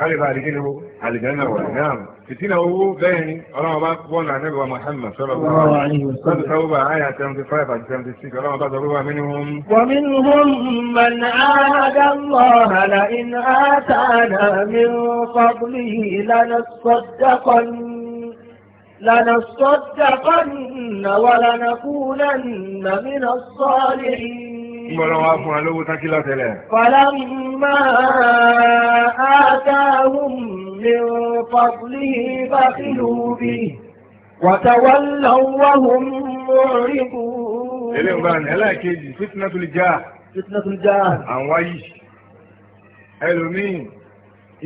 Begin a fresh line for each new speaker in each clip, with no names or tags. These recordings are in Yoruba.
عارف بعد جنه على جنه ولا نعم تتينا هو باني رمى بعض قوان عن نبوة محمد صلى الله عليه وسلم قد صوبة عاية 75 عن 76 رمى بعض ربوة منهم
ومنهم من عاد الله لئن آتانا من فضله لنصدقن لنصدقن ولنكونن من الصالحين
Ìgbọ̀lọ́ wa fún alówó tákí látẹ̀lẹ̀.
Fọlámà átáhùn ní fọ́bùlì bá fílù bí.
Wàtàwọ́lọ́wọ́hùn
mọ́rí kú. Ilé ìgbà ní
ẹlẹ́ẹ̀kejì, fitnatul jah. Fitnatul jah. Àwọn ayì. Ẹlòmíì,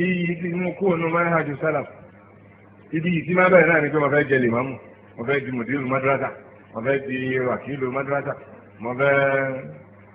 iyì ti Ibi yìí máa bẹ̀rẹ̀ náà ni pé mo fẹ́ jẹ lè mámù, mo fẹ́ di mùdírù madrasa, mo fẹ́ di wàkílù madrasa, mo fẹ́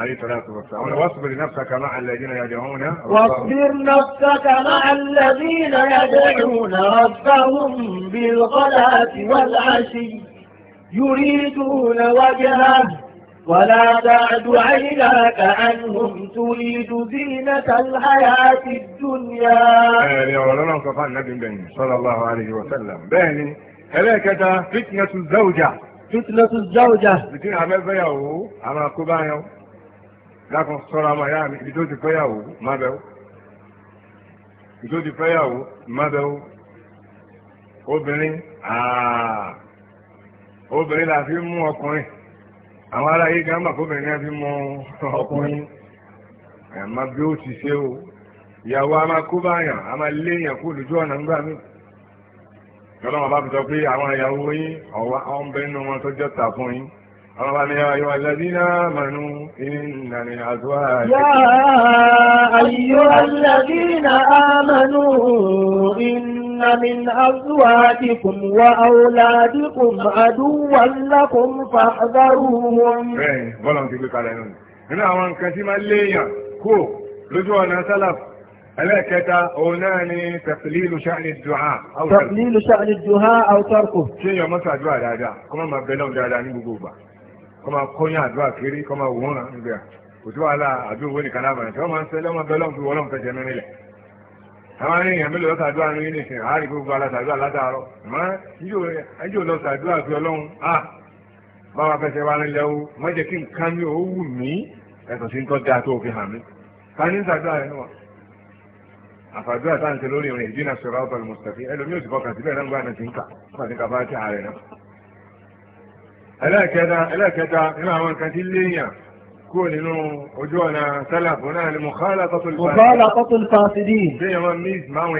عليه الصلاة والسلام واصبر نفسك مع الذين يدعون واصبر
نفسك مع الذين يدعون ربهم
بالغلاة والعشي
يريدون وجهه ولا تعد عيناك عنهم تريد زينة الحياة الدنيا يا ولد
انقطع النبي بن صلى الله عليه وسلم بني هلاكة فتنة الزوجة فتنة الزوجة فتنة الزوجة أما كوبايو dákun sọ́ra ọmọ ìyá mi ibi tó ti fẹ́yàwó má bẹ̀wò ibi tó ti fẹ́yàwó má la fi mú ọkùnrin àwọn ará yìí gánbà kóbìnrin náà fi mú ọkùnrin àmọ́ bí ó ti ṣe o ìyàwó a máa kó báyàn a máa lé èèyàn kó lójú ọ̀nà ńgbà mí lọ́dọ̀ wọn pé àwọn ìyàwó yín ọ̀wá ọ̀nbẹ́nu wọn tó jọ́ta fún yín. رغم يا أيها الذين آمنوا إن من أزواجكم يا أيها الذين
آمنوا إن من أزواجكم وأولادكم عدوا لكم فاحذروهم
بلان تقول على نون هنا أوان كثيما ليا كو رجوعنا سلف ẹlẹ́ẹ̀kẹta òun náà ni tẹ̀fìlìlù ṣáàni dùhà. tẹ̀fìlìlù ṣáàni dùhà àwọn tọ́rkù. ṣé èèyàn mọ́sàdúrà dáadáa kọ́mọ́ máa bẹ lọ́hùn dáadáa kọ́ máa kọ́yìn àdúrà kiri kọ́ máa wòún ra nígbà kò sí wàhálà àdúrà owó nìkan lábàá tí wọ́n máa ń sẹ́ lọ́mọ bẹ́ẹ̀ lọ́mọ fi wọ́lọ́mọ fẹsẹ̀ mi nílẹ̀. àwọn arìnrìn èèyàn mélòó lọ́sàdúrà ní yín nìsín àárí gbogbo alásàdúrà látàárọ̀ àmọ́ yíyó lọ́sàdúrà fi ọlọ́run à báwa fẹsẹ̀ wa nílẹ̀ o má jẹ́ kí nǹkan mi ò wù mí ẹ̀sọ̀ sí nǹkan da tó fi hàn mí. ká ní sàdúrà rẹ̀ wà àfàdúrà táǹtẹ̀ lórí ìrìn ìdínà sọ̀rọ̀ ọ̀tọ̀ lùmọ̀sítàfí ẹlòmíì ò sì fọkàn síbẹ̀ náà gbọ́dọ̀ ti ń kà fún àti kàfáàtì ẹlẹ́ẹ̀kẹta ẹlẹ́ẹ̀kẹta nínú àwọn nǹkan tí léèyàn kúrò nínú ojú ọ̀nà sálà fún náà ni mọ̀kálà tọ́tòlù fásidì. léèyàn máa mí máwọn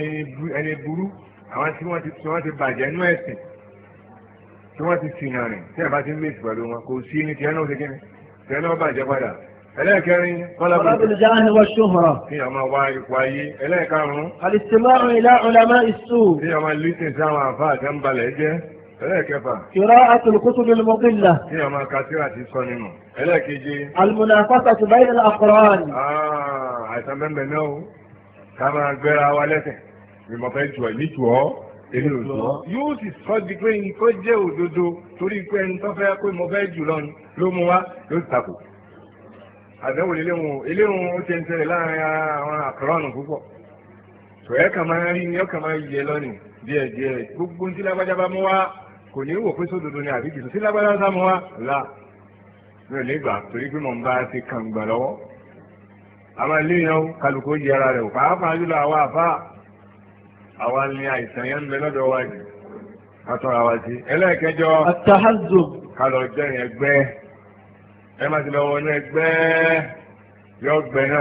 ẹni burú àwọn tí wọ́n ti bàjẹ́ nú ẹ̀sìn tí wọ́n ti sìnà rìn tí ẹ̀bá ti ń mí pẹ̀lú wọn kò sí ní tiẹ̀ náà ṣe kíni tiẹ̀ náà bàjẹ́ padà. ẹlẹ́ẹ̀kẹrin kọ́lábùlù jáde wọ́n ṣùhùrọ̀. léèyàn máa wá ipò ayé ẹlẹ́ẹ̀karùn-ún. àlìsímọ́ ìlà ọ̀làmọ́ ìṣù. léèyàn máa lítìn sáwọn ẹlẹ́ẹ̀kẹfà. qira'atu al هي ما mudilla ní ọmọ katira ti بين nínú. ẹlẹ́ẹ̀keje.
al-munafasatu bayna al-aqran.
Ah, àìsàn mẹ́mẹ́ náà o ká máa gbéra wa lẹ́sẹ̀ ìmọ̀ fẹ́ jù ẹ̀ níjù ọ́ èmi ò jù ọ́. yóò sì sọ di pé nǹkan jẹ́ òdodo torí pé ẹni tó fẹ́ pé mo fẹ́ jù lọ ló mú wa ló ti takò. àdéhùn eléhùn eléhùn ó ti ń ṣẹlẹ̀ láàrin àwọn àkọ́rọ́nù púpọ̀ tòyẹ́ kà máa rí ni ó máa yẹ lọ́nìí díẹ̀díẹ̀ gbogbo ní tí lágbájá bá mú wa kò ní wò pé sódodo ni àbí kìsùn sí lágbára sáà mọ́ wa mi ò gbà torí pé mo ń bá ti kàn gbà lọ́wọ́ àwọn eléyàn kálukú ara rẹ̀ pàápàá jùlọ àwa àfa àwa ni àìsàn yẹn ń bẹ lọ́dọ̀ wa jù kátọ́ra wa sí ẹlẹ́ẹ̀kẹjọ kálọ̀ jẹ́ yẹn ẹ má ti lọ ẹgbẹ́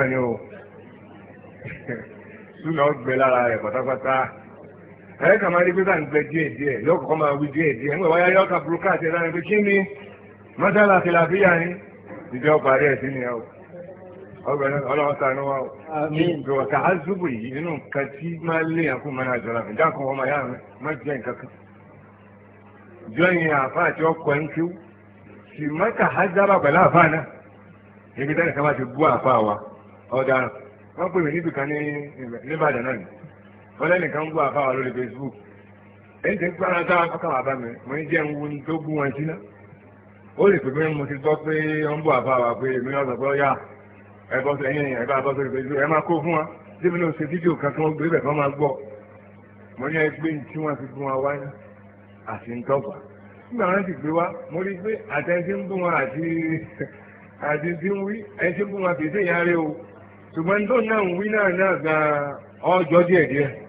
o lára pátápátá. ẹ kà máa rí pé báyìí gbẹ díẹ̀ díẹ̀ lọkọọkọ máa wí díẹ̀ ya ka gbẹ a yọkà burúkà àti ẹlẹrìn pé ni mọsálà fìlàfíà ni ẹ sí ni ẹ o ọgbẹni Ọlọ́run sànú wa o ìgbẹwò ká á zúbù yìí nínú nǹkan tí jọra fún dákun ọmọ yá mi má jẹ kan afa ati ọkọ dábà na ebi dáná ti wa pè mí níbi kan ní wọ́n lẹ́nìkan ń gbọ́ àfáwà lórí Facebook ẹni tí ń pàrọ̀ tá a kọ́kàn bàbá mi mo ń jẹ́ ohun tó gún wọn síná ó lè pè pé mo ti gbọ́ pé ó ń bọ̀ àfáwà pé èmi náà sọ pé ó yà ẹ bọ́ sọ ẹ̀yìn ẹ̀ bá bọ́ sórí Facebook ẹ máa kó fún wa débi náà ṣe fídíò kan tí wọ́n gbé bẹ̀ kán máa gbọ́ mo ní ẹgbẹ́ tí wọ́n fi gún wa wáyé àti ń tọ́fà nígbà wọn ti gbé wa mo rí pé àtẹ̀sí ń gún wa àti àti tí ń wí ẹ̀sìn gún wa kì í o ṣùgbọ́n tó náà ń wí náà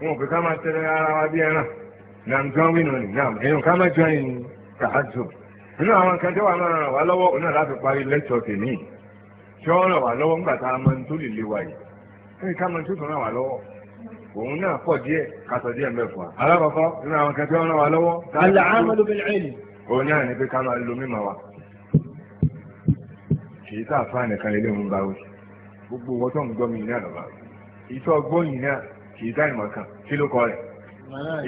wọn kò ká máa tẹ́lẹ̀ ara Na bí ẹran náà nǹkan wínú ni náà èèyàn ká máa jọyìn nínú àwọn nǹkan tó wà máa ràn wá lọ́wọ́ òun náà láti parí lẹ́tọ̀ tèmi tí ó ràn wá lọ́wọ́ ńgbà a tó lè wa yìí kí ká máa tó ràn wá lọ́wọ́ òun náà pọ̀ díẹ̀ díẹ̀ mẹ́fà nínú àwọn nǹkan ràn wa kì í sáà fáànì kan lé kì í táìmọ̀ kan kí ló kọ rẹ.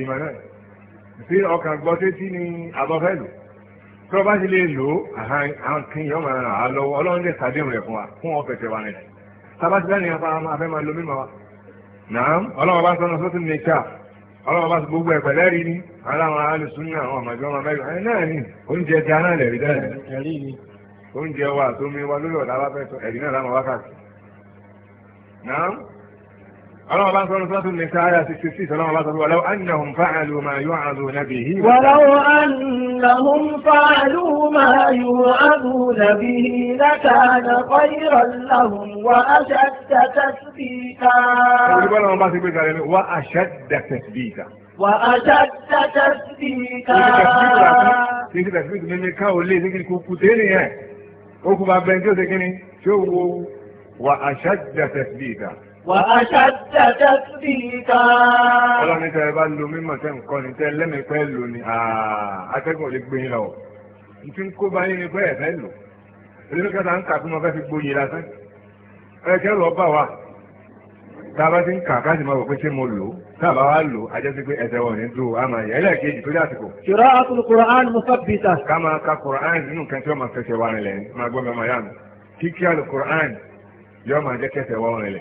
ìmọ̀ náà sí ọkàn gbọ́ sétí ni abọ́fẹ́lù tí wọ́n bá ti lè lò ó àwọn kí yọ̀ máa ràn á lọ́wọ́ ọlọ́run lè sàdéhùn rẹ̀ fún wa fún wọn wa rẹ̀ tábàtí bá nìyẹn fún máa lo mímọ́ wa náà ọlọ́run bá ń sọ́nà sọ́tún ní ọlọ́run bá gbogbo ẹ̀ pẹ̀lẹ́ rí ni aláwọn alùsùn náà àwọn àmàjọ ọmọ mẹ́rin ni wa àtomi wa آية ولو أنهم فعلوا ما يوعظون به ولو
أنهم فعلوا ما يوعظون به لكان خيرا لهم وأشد تثبيتا
وأشد تثبيتا
وأشد تثبيتا
يعني. وأشد تثبيتا Ọlọ́run tẹ́ ẹ bá lo mímọ̀ tẹ́ nǹkan ni tẹ́ lẹ́mìí pẹ́ lò ní àtẹ́gùn lè gbé yín lọ. Ìtí ń kó bá yín ni pé ẹ̀fẹ́ lò. Èlé kẹta ń kà fún wọn fẹ́ fi gbóyè lásán. Ẹ lọ bá wa. Tá a bá ti ń kà ká sì máa wò pé ṣé mo lò ó. Tá a bá wá lò ó, a jẹ́ sí pé ẹsẹ̀ wọn ò ní dúró. A máa yẹ ẹlẹ́ẹ̀kejì tó dé àsìkò. Ṣòro àtúntò Kùrán mo máa jẹ́ kẹsẹ̀ wá rìn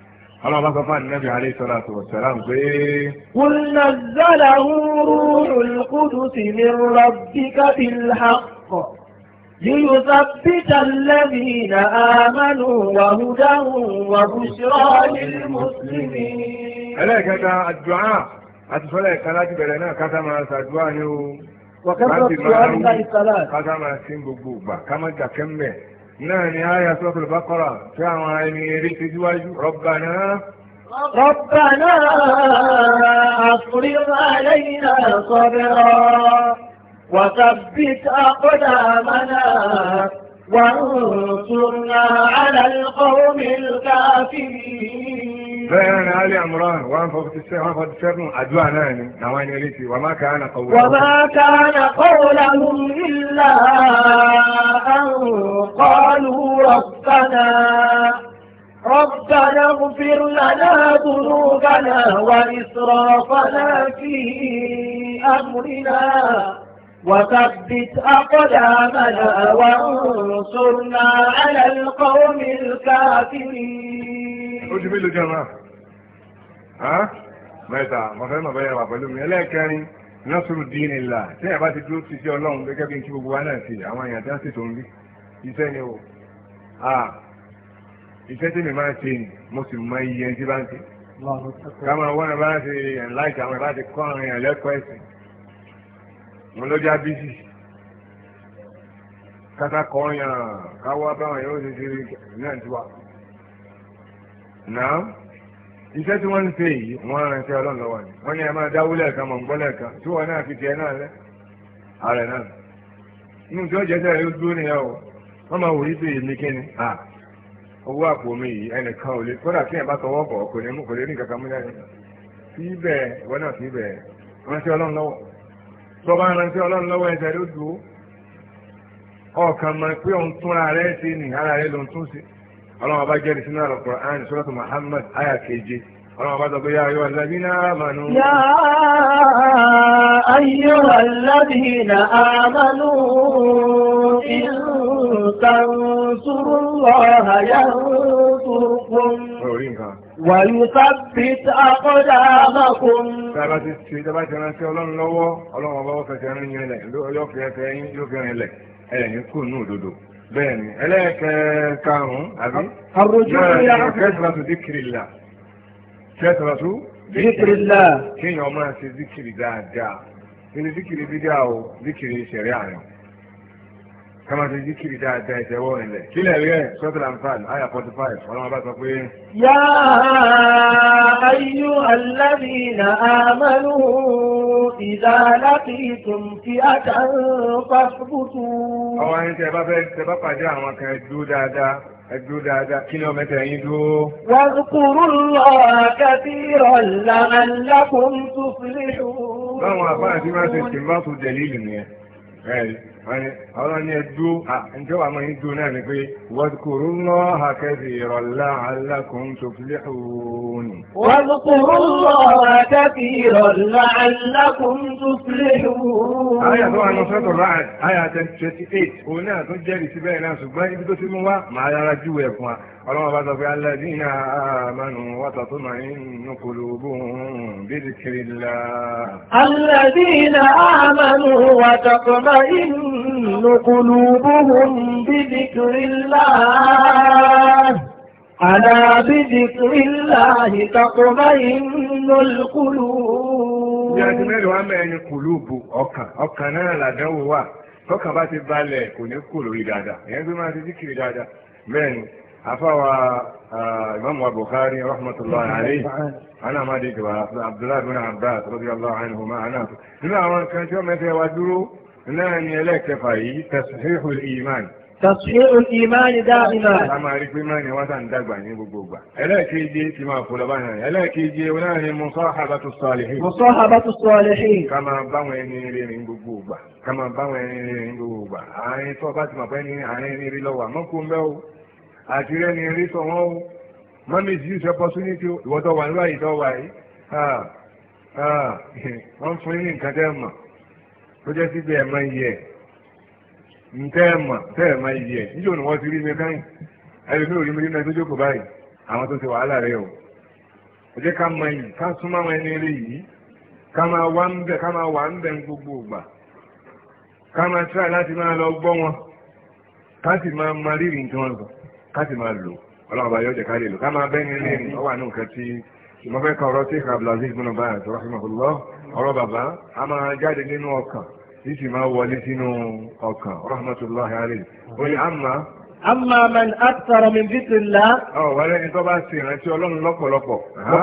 ọlọ́run bá sọ fún ànínábì alayhi salatu wa salam pé.
qul nazzalahu ruhul qudusi min rabbika bil haqq liyuthabbita alladhina amanu wa hudan
wa bushra lil muslimin.
ẹlẹ́ẹ̀kẹta àdúrà
àti fọlẹ́ ẹ̀ka láti bẹ̀rẹ̀ náà ká máa ṣàdúrà ní o. wàkàtúrọ̀ tí wọ́n ń bá ìsàlá. ká máa sí gbogbo ìgbà ká má dàkẹ́ mẹ́ẹ̀. نهى نهاية سورة البقرة كما يميري تزواج ربنا
ربنا علينا صبرا وثبت أقدامنا وانصرنا على القوم الكافرين bẹ́ẹ̀ ni Ali
Amran one forty seven one forty seven àdúrà náà ni àwọn ẹni létí wà má kàánà kọ̀wé. wà má kàánà kọ̀wé lọ́hùn ilà àǹkọ́lù
rọ̀bánà ربنا اغفر لنا ذنوبنا وإسرافنا في أمرنا وثبت أقدامنا وانصرنا على القوم الكافرين اجمل جماعة
mẹ́ta mọ̀fẹ́ mọ̀ bẹ́yà wà pẹ̀lú mi ẹlẹ́ẹ̀kẹrin nọ́sùrù dín ìlà tí ẹ̀ bá ti dúró sí sí ọlọ́run gẹ́gẹ́ bí n kí gbogbo wa náà sí àwọn èèyàn tí wọ́n sì tó ń bí iṣẹ́ ni o iṣẹ́ tí mi máa ń ṣe ni mo sì mọ iye ẹni tí bá ń ṣe ká máa wọ́n bá ṣe ẹ̀ńláìtì àwọn ìbá ti kọ́ àwọn èèyàn lẹ́kọ̀ọ́ ẹ̀sìn mo ló já bíjì kátà kọ́ yàn káwọ́ báwọn yóò ṣe ṣe náà ti wà náà. iṣẹ́ tí wọ́n ń ṣe yìí wọ́n rán iṣẹ́ ọlọ́run ni wọ́n ní ẹ máa dáwó lẹ́ẹ̀kan mọ̀ ń gbọ́ lẹ́ẹ̀kan tí wọ́n náà fi tiẹ̀ náà lẹ́ ààrẹ náà inú tí ó jẹ́ sẹ́yìn dúró o wọ́n máa wòye sí èmi kíni à owó àpò mi yìí ẹnìkan ò lè kódà kí ẹ bá tọwọ́ bọ̀ kò ní mú kò lè ní kankan mú síbẹ̀ ìwọ náà síbẹ̀ ránṣẹ́ ọlọ́run ọlọ́run ọba jẹ́rìí sínú àrùn Quran suratu Muhammad aya keje ọlọ́run ọba sọ pé yá ayọ́ alladhina amanu. yá ayọ́ alladhina amanu
in tansurullaha yansurkum.
orí nǹkan. ويثبت أقدامكم ثبت ثبت نسي ọlọ́run lọ́wọ́ ọlọ́run ọba ó fẹsẹ̀ rìn yẹn lẹ̀ yóò fi ẹsẹ̀ yín yóò fi rìn lẹ̀ ẹ̀yìn kù bẹ́ẹ̀ni ẹlẹ́ẹ̀kẹ́ẹ̀karùn-ún àbí kẹsìlátù díkìrìlá kẹsìlátù díkìrìlá kéèyàn máa ṣe díkìrì dáadáa nínú díkìrì bídíà o díkìrì ìṣẹ̀rí àyàn kama ṣe díkìrì dáadáa ìṣẹ̀wọ́ ilẹ̀ kílẹ̀ rí ẹ̀ sọ́tìlá nfàl àyà forty five ọlọ́run bá sọ pé.
yá ayú alábìnà àmàlù ìdá láti ìtùm fi àtà fásitì. àwọn
ẹni tẹ bá fẹ́ tẹ bá pàdé àwọn kan dúró dáadáa ẹdúró dáadáa kí ni ọmọ ẹ̀tẹ̀ yín dúró. wọ́n kúrú lọ àkàtì ọ̀la alákòóntú
sílẹ̀. báwọn àbá àti máa ṣe tìǹbà
fún dẹ̀lí ìlú yẹn ọlọ́run ní ẹdú ǹjẹ́ wàá máa ń dún náà ni pé wadhkurullaha kathiran la'allakum tuflihun. wadhkurullaha kathiran la'allakum
tuflihun. àyà tó wà ní sọ́tọ̀ ráàd
àyà twenty eight òun náà tó jẹ́rìí sí náà ṣùgbọ́n ibi tó ti mú wá màá yára júwe ẹ̀ fún wa ọlọ́run bá sọ pé تطمئن
قلوبهم بذكر الله ألا بذكر الله تطمئن القلوب
ní àti
mẹ́rin wá mẹ́rin kùlúùbù ọkàn ọkàn náà làdánwò wà tọ́kàn bá ti balẹ̀ kò ní kò lórí dáadáa ìyẹn tó máa ti díkìrì dáadáa mẹ́rin afáwa ìmáàmù Bukhari rahmatullahi alayhi ana máa Abdullahi bin Abbas radiyallahu anhuma nínú àwọn kan tí wọ́n mẹ́fẹ́ wa dúró náà ni ẹlẹ́ẹ̀kẹfà yìí tasihihul iman.
tasihihul iman dáìmá. a
máa rí pé máa ní wọ́n tàn dàgbà ní gbogbogbà. ẹlẹ́ẹ̀keje ti máa fò lọ́ba náà ẹlẹ́ẹ̀keje náà ni musahabatu salihin. musahabatu salihin. ká máa báwọn tó jẹ́ síbi ẹ̀ máa yẹ e ẹ̀ mọ̀ tẹ́ ẹ̀ máa yẹ níjọ́ ni wọ́n ti rí mi káyìn ẹlòmíì ò rí mi jókòó báyìí àwọn tó ti o ó jẹ́ ká mọ yìí ká súnmọ́ àwọn ẹni eré yìí ká máa wà gbogbo ògbà ká máa tíra láti máa lọ gbọ́ wọn ká sì ma rírì nǹkan ká sì máa lò ọlọ́run bá yọ̀ọ́ jẹ́ ká lè lò ká máa bẹ́ni ṣùgbọ́n fẹ́ kan ọ̀rọ̀ sí Abdulaziz bin Baz rahimahullah ọ̀rọ̀ bàbá a máa jáde nínú ọkàn yìí sì máa wọlé sínú ọkàn rahmatullahi alayhi ó ní àmà Amma man akthara min dhikrillah. Ọ̀ wà lẹ́yìn tó bá ṣe ìrántí Ọlọ́run lọ́pọ̀lọpọ̀.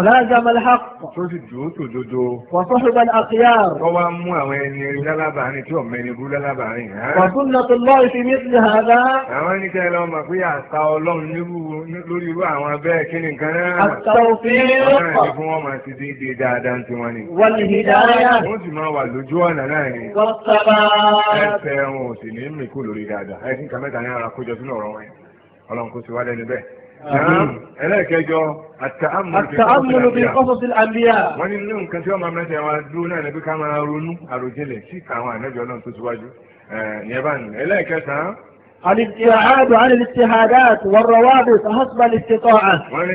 Lazama al-haqq. Tó sì dùn tó dodo. Wa sahiba al-akhyar. Tó wá mú àwọn ẹni rí lálábàárín tí ọ̀mọ ẹni burú lálábàárín. Wa sunnatullahi fi mithli hadha. Àwọn ẹni tẹ́ lọ mọ̀ pé àṣà Ọlọ́run lórí irú àwọn abẹ́ kíni kan náà. Àṣà òfin. Wọ́n àwọn yẹn ọlọ́run kò sí wá lẹ́nu bẹ́ẹ̀. ẹlẹ́ẹ̀kẹjọ àtàmúlò bí wọ́n ní nínú nǹkan tí wọ́n máa wọn dúró náà ni ká máa ronú àròjinlẹ̀ sí àwọn ànájọ náà tó síwájú ìyẹn bá nù. ẹlẹ́ẹ̀kẹsàn-án. الاستعاذ عن
الاجتهادات والروابط
حسب الاستطاعة. wọ́n ní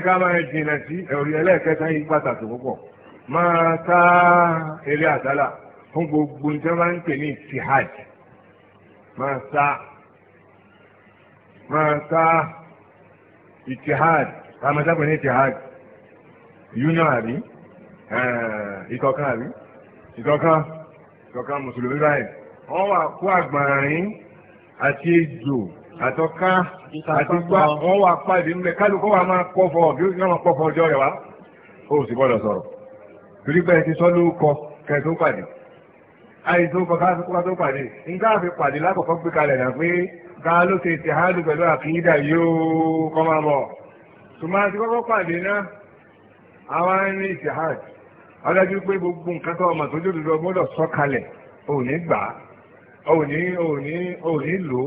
ká máa sá ìtìhad àmọ́sápẹ̀ ní ìtìhad union abi ìkọ̀kan eh, abi ìkọ̀kan ìkọ̀kan mùsùlùmí báyìí wọ́n wà kó àgbàrin àti ejò àtọ́ká àti gbá wọ́n wà pàdé wa máa kọ́fọ́ bí ma máa kọ́fọ́ ọjọ́ rẹ̀ wá ó sì gbọ́dọ̀ sọ̀rọ̀ torí pé ẹ ti sọ lóko pàdé. àìsàn bàbá àfikún tó pàdé nígbà fi pàdé lákòókò gbé kalẹ̀ náà pé ká ló ṣe ti hálù pẹ̀lú àkíyídà yóò kọ́ máa bọ̀. àti kọ́kọ́ pàdé náà ọlọ́jú pé gbogbo nǹkan tó ọmọ tó sọ kalẹ̀ òní gbà òní òní òní lò ó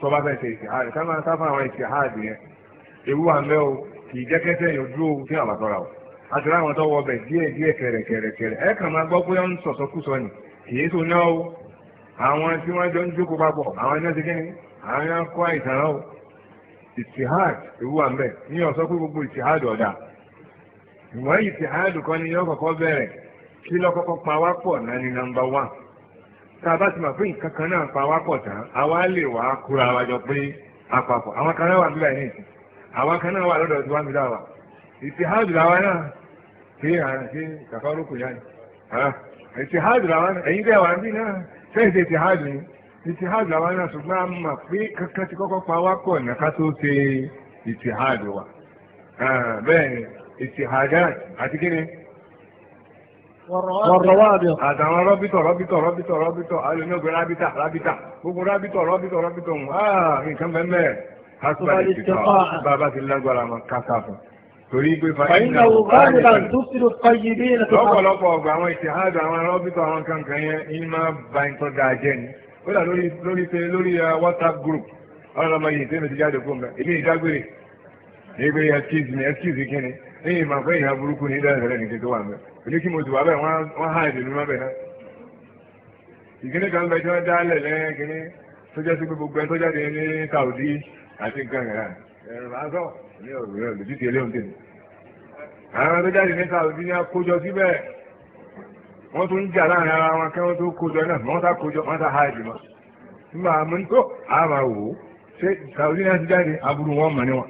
sọ bá o kì í jẹ́ kẹ́sẹ́ yẹn dúró o àti láwọn tó wọ ni èyí tó ná o àwọn tí wọ́n jọ ń jókòó papọ̀ àwọn iná ti kí ni àwọn iná àìsàn o ewu wà mbẹ ní ọ̀sọ́ pé gbogbo ọ̀dà ìwọ̀n kan ni yọ kọ̀kọ́ bẹ̀rẹ̀ kí lọ́kọ́kọ́ pa wá pọ̀ náà ni nọ́mbà wán tá a bá ti mọ̀ pé nǹkan kan náà pa wá pọ̀ tán lè wá wa jọ pé àwọn kan náà wà ìsìn àwọn kan náà wà lọ́dọ̀ tí ìtìhádì làwọn ẹ̀yin bẹ́ẹ̀ wà ní náà fẹ́ẹ̀ ṣe ìtìhádì ni ìtìhádì làwọn náà ṣùgbọ́n a mọ̀ pé kankan ti kọ́kọ́ pa wá pọ̀ ní ká tó ṣe ìtìhádì wa bẹ́ẹ̀ ni ìtìhádì àti kíni.
wọ̀rọ̀wádìí
àtàwọn rọ́bítọ̀ rọ́bítọ̀ rọ́bítọ̀ rọ́bítọ̀ alẹ́nugbe rábítà rábítà gbogbo rábítọ̀ rọ́bítọ̀ rọ́bítọ̀ nǹkan mẹ́mẹ́ torí pé fàyínà ògbàgbà tó ti ló fàyè bí ẹ̀nà tó lọ́pọ̀lọpọ̀ ọgbà àwọn ìṣèhádà àwọn arọ́bìtọ̀ àwọn kankan yẹn ní máa ba nǹkan dáa jẹ́ ni ó dà lórí lórí lórí uh, WhatsApp group ọ̀rọ̀ ọmọ yìí tẹ́lẹ̀ ti jáde fún mi èmi ìdágbére excuse excuse kí ni ẹ̀yìn ìmọ̀ fẹ́ ìhà burúkú ní nìkan tó wà ní ọ̀rọ̀ rẹ̀ eléhùn tèmi àwọn tó jáde ní sàwùjí ní akójọ síbẹ̀ wọ́n tún ń jà láàrin ara wọn kí tó kójọ náà wọ́n tá kójọ wọ́n tá ha ìgbìmọ̀ nígbà àmọ́ tó àmà wò ó ṣé sàwùjí ti jáde aburú wọn mọ̀ níwọ̀n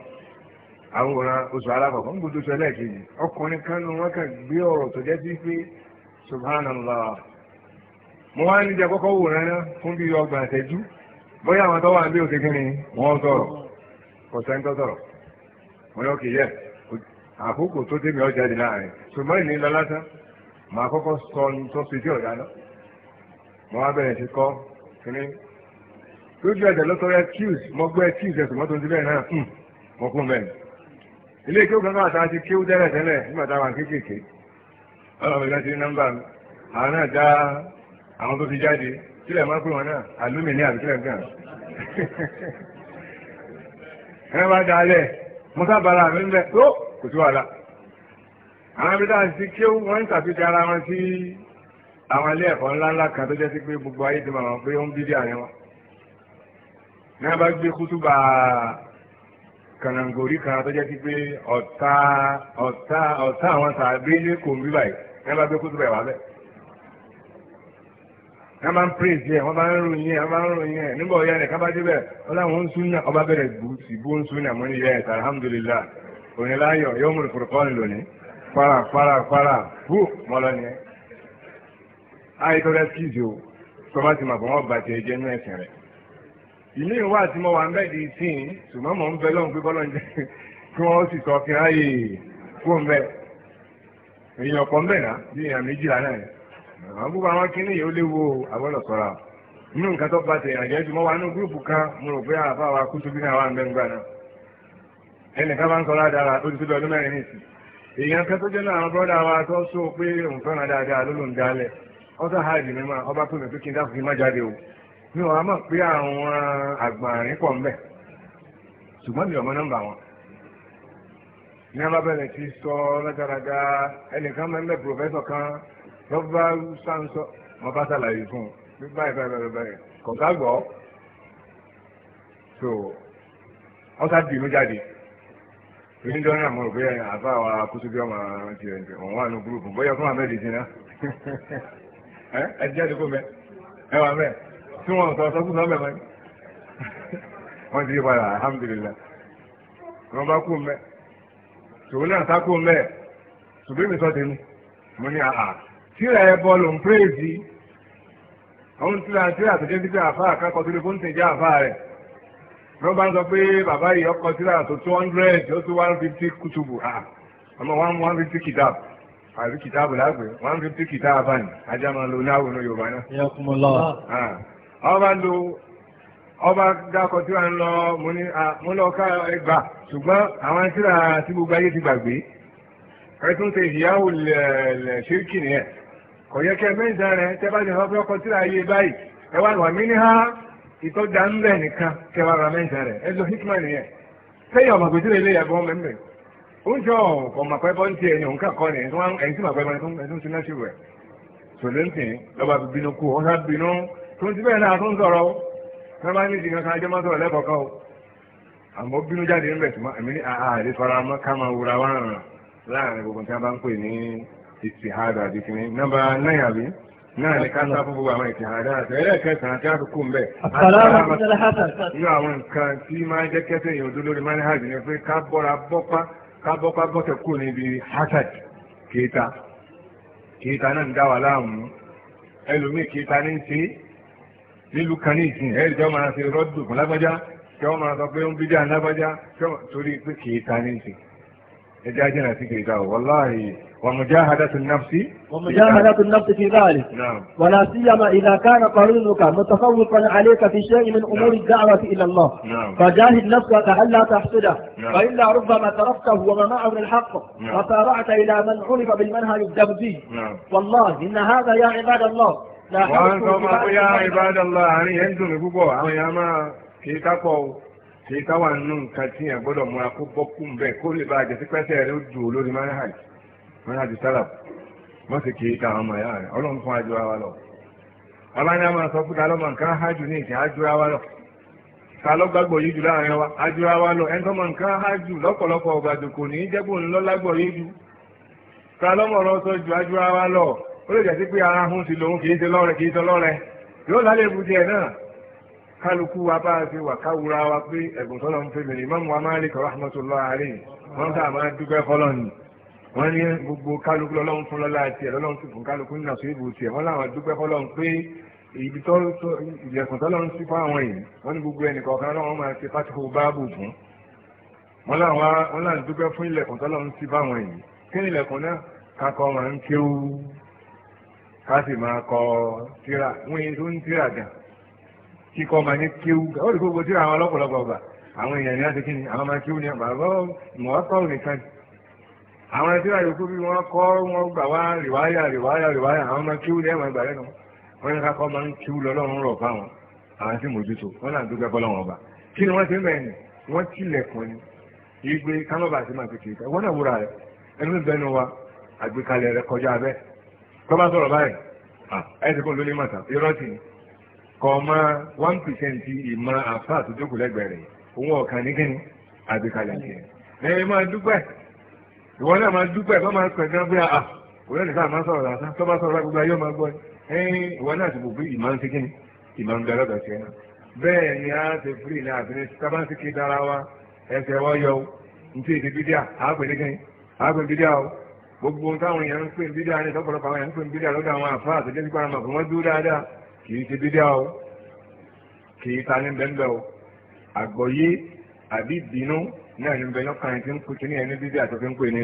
àwòrán oṣù alákọ̀ọ́kọ́ ń gbọdọ̀ ṣẹlẹ̀ kejì ọkùnrin kan nu wọn kàn gbé ọ̀rọ̀ tó jẹ́ sí pé subhanallah mo wá ní ìjà kọ́kọ́ mo ní òkè yẹ àkókò tó tẹ̀mí ọjà dì láàrin ṣùgbọ́n ìní lọ lásán màá kọ́kọ́ sọ ohun tó fi dé ọ̀dà náà mo wá bẹ̀rẹ̀ sí kọ́ kíní lójú ẹ̀jẹ̀ lọ́tọ́ rẹ tíùs mo gbọ́ ẹ tíùs ẹ̀sùn mọ́tò ti bẹ́ẹ̀ náà hmm. mo kún bẹ́ẹ̀ ilé ìkéwù kankan àti àti kéwù tẹ́lẹ̀ tẹ́lẹ̀ nígbà táwọn kéékèèké ọlọ́run ìlànà ti ní nọ́mbà mi àwọn náà dá àwọn tó jáde kílẹ̀ pè wọn náà àlùmí ní àbíkílẹ̀ ẹ bá dá mo sábàárà mi ń bẹ tó kò sí wàhálà àwọn abidá ti kéwù wọn ń ṣàfihàn ara wọn sí àwọn ilé ẹ̀kọ́ ńláńlá kan tó jẹ́ sí pé gbogbo ayé ti máa pé ó ń bídí àárín wọn ní a bá gbé kútúbà kànàngórí kan tó jẹ́ sí pé ọ̀tá ọ̀tá ọ̀tá àwọn tàbí ní kò ń bí báyìí ní a bá gbé kútúbà ìwà bẹ́ẹ̀. ká máa ń praise yẹ wọ́n bá ń ròyìn yẹ wọ́n ya ń ròyìn yẹ nígbà ọ̀yá rẹ̀ kábàjẹ́ bẹ̀ wọ́n láwọn ń sunna ọba bẹ̀rẹ̀ sí bó ń sunna mọ́ ní yóò ni lónìí fara fara fara bú ni ẹ́ àìtọ́ rẹ̀ o tó bá ti ma, bọ́ wọ́n bàtẹ́ jẹ́ nú ẹ̀sìn rẹ̀ ìwà àti wà ń di ṣùgbọ́n mọ̀ ń bẹ bọ́lọ́ kí àwọn gbogbo àwọn kíní yìí ó léwu àbọ̀lọ̀ sọ̀ra nínú nǹkan tó bá tẹ̀ àjẹ́ wa nínú gúrùpù kan mo rò pé àfa wa kú tóbi náà wà bá ń sọ̀rọ̀ dára ó ti tóbi ọdún mẹ́rin nìsí èèyàn kan tó jẹ́ náà àwọn bọ́dà wa tó sọ pé òun fẹ́ràn dáadáa ló ló ń ọ́sà háàdì ọba pé mi kí n o mi ò wá àwọn àgbààrín pọ̀ ṣùgbọ́n mi ò mọ nọ́mbà wọn ní tó bá sáńsọ wọn bá ṣàlàyé fún un bí báyìí báyìí báyìí kò gbàgbọ́ so ọ̀sá dìínú jáde oníjọ́ náà mo rò pé àbá wa kótó bí ọmọ ti rẹ̀ wọ́n wà ní gúrùpù bóyá fún ahmed jìnnà ẹ ti jáde kó mẹ ẹ wà mẹ tí wọn sọ sọkún sọ mẹ mọ wọn ti yí padà alhamdulillah wọn bá kú mẹ ṣòwò náà sá kú mẹ ṣùgbọ́n mi sọ tèmi mo ní àhà tíra ẹbọ ló ń pírèsì àwọn tíra tíra tó jẹ́ títí àfa àkàkọ́ tó lè fún tẹ̀jẹ́ àfa rẹ̀ wọ́n bá ń sọ pé bàbá yìí ọkọ̀ tíra tó two hundred ó tó one fifty kùtùbù ha ọmọ one one fifty kìtàb àbí kìtàbù lágbè one fifty kìtàbù àná ajá máa lo náà wọnú Yorùbá náà. ìyá kúmọ lọ. ọba lo ọba dákọ̀ tíra ń lọ mo lọ ká ẹgbàá ṣùgbọ́n àwọn tíra tí gbogbo ayé ti gbàgbé ẹ tún ṣe ìyáwó ṣíríkì nìyẹn. kò yẹ kẹ mẹ́ta rẹ̀ tẹ́ bá ti sọ pé ọkọ̀ tíra yé báyìí ẹ wá wà mí ní ha ìtọ́jà ń bẹ̀ nìkan kẹ wá ra mẹ́ta rẹ̀ ẹ lọ hikima nìyẹn sẹ́yìn ọmọ kò tíra ilé yàgbọ́ mẹ́mẹ́ oúnjẹ ọ̀pọ̀ màpẹ́ bọ́ ń tiẹ̀ ní òun kàkọ́ ni tí ẹ̀ tó ń lọ́ba bínú kú ọ̀sá bínú tó ń ti bẹ́ẹ̀ náà tó ń sọ̀rọ̀ ìtìhádà àdìkìní nọ́mbà náírà bí náà ní káńtà fún gbogbo àwọn ìtìhádà àti ẹlẹ́ẹ̀kẹsàn-án tí a fi kú ń bẹ̀. nínú àwọn nǹkan tí máa ń jẹ́ kẹ́sẹ̀ èèyàn dó lórí manhaj ni pé ká bọ́ra bọ́pá ká bọ́pá bọ́sẹ̀ kú níbi hasad kéta kéta náà ń dá wa láàmú ẹlòmíì kéta ní ṣe nílùú kan ní ìsìn ẹ̀ẹ́dẹ́gbẹ́ máa ṣe rọ́dù fún kí wọ́n máa sọ pé ó ń bíjà ومجاهدة النفس ومجاهدة
النفس في ذلك نعم
ولا سيما إذا كان قرينك متفوقا عليك في شيء من أمور نعم. الدعوة إلى الله نعم فجاهد نفسك ألا تحسده نعم. فإلا ربما تركته وما معه من الحق نعم. وسارعت إلى من عرف بالمنهج الدبدي نعم والله إن هذا يا عباد الله لا وأنتم يا عباد الله أني أنتم بقوة يا
ما في تقوى في káwọn nù nǹkan tí yẹn gbọ́dọ̀ múra kó bọkú nbẹ kó wọn láti sálàbù wọn sì si kee ka àwọn ọmọ ìyá rẹ ọlọ́run fún àjọ àwa lọ abáni a máa sọ fún talọ́mọ nǹkan hájú ní ìsìn àjọ àwa lọ talọ́ gbàgbọ́ yíjú láàrin wa àjọ àwa lọ ẹni tọ́mọ nǹkan hájú lọpọlọpọ ọ̀gbàdùn kò ní í jẹ́ bóun sọ ju lọ ó lè pé ara hun sí lòun kì í ṣe kì í ṣe yóò náà a ṣe wà káwura wa pé a máa dúpẹ́ wọ́n ní gbogbo kálukú lọ́lọ́run fún lọ́lá tiẹ̀ lọ́lọ́run sì fún kálukú nínú àṣọ ìbò tiẹ̀ wọ́n láwọn dúpẹ́ fọlọ́run pé ibi tó ìjẹ̀sùn tọ́lọ́run sí fún àwọn yìí wọ́n ní gbogbo ẹnìkọ̀ọ̀kan lọ́wọ́n máa ṣe pátíkó báàbù fún wọ́n láwọn wọ́n láwọn dúpẹ́ fún ilẹ̀kùn tọ́lọ́run sí fún àwọn yìí kí ni ilẹ̀kùn náà kakọ́ máa ń kéwú ká sì máa kọ tíra wọ́n yìí tó ń tíra àwọn tí wà yòókù bí wọ́n kọ́ wọn gbà wá rìwáyà rìwáyà rìwáyà àwọn ọmọ kíw lẹ́wọ̀n ìgbà lẹ́nu wọ́n ní kakọ́ máa ń kíw fáwọn àwọn tí mójútó wọ́n náà ọba kí ni wọ́n ti ká náà wúra bẹnu wa kọjá báyìí màtà ma one percent àfáà tó òun ìwọ náà máa dúpẹ́ tó máa pẹ̀ bí a ah, òun náà nìkan máa sọ̀rọ̀ lásán tó bá sọ̀rọ̀ gbogbo ayé máa gbọ́ ẹ̀yìn ìwọ náà ti bò pé ìmọ̀ ń sékìní ìmọ̀ ń náà ni a ti firi ní àbí tábàǹsìkì dára wa ẹsẹ̀ wọ́n yọ ntí èdè bídíà àgbẹ̀dẹ́gẹ́ àgbẹ̀bídíà o gbogbo táwọn èèyàn ń pè bídíà ní tọ́pọ̀lọpọ̀ o ta náà ní bẹ lọ́kàn ẹni tí ń pè ní ẹni bíbí àtọ́fẹ́ ń pè ní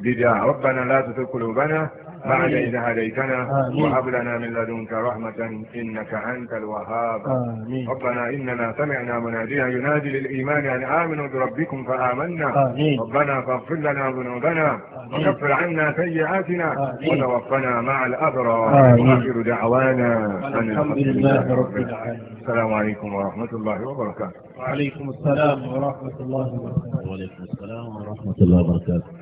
بدع ربنا لا تزغ قلوبنا بعد إذا هديتنا وهب لنا من لدنك رحمة إنك أنت الوهاب آمين. ربنا إننا سمعنا مناديا ينادي للإيمان أن آمنوا بربكم فآمنا آمين. ربنا فاغفر لنا ذنوبنا وكفر عنا سيئاتنا وتوفنا مع الأبرار وآخر دعوانا أن الحمد لله رب العالمين السلام عليكم ورحمة الله وبركاته
وعليكم السلام ورحمة الله وبركاته وعليكم السلام ورحمة الله وبركاته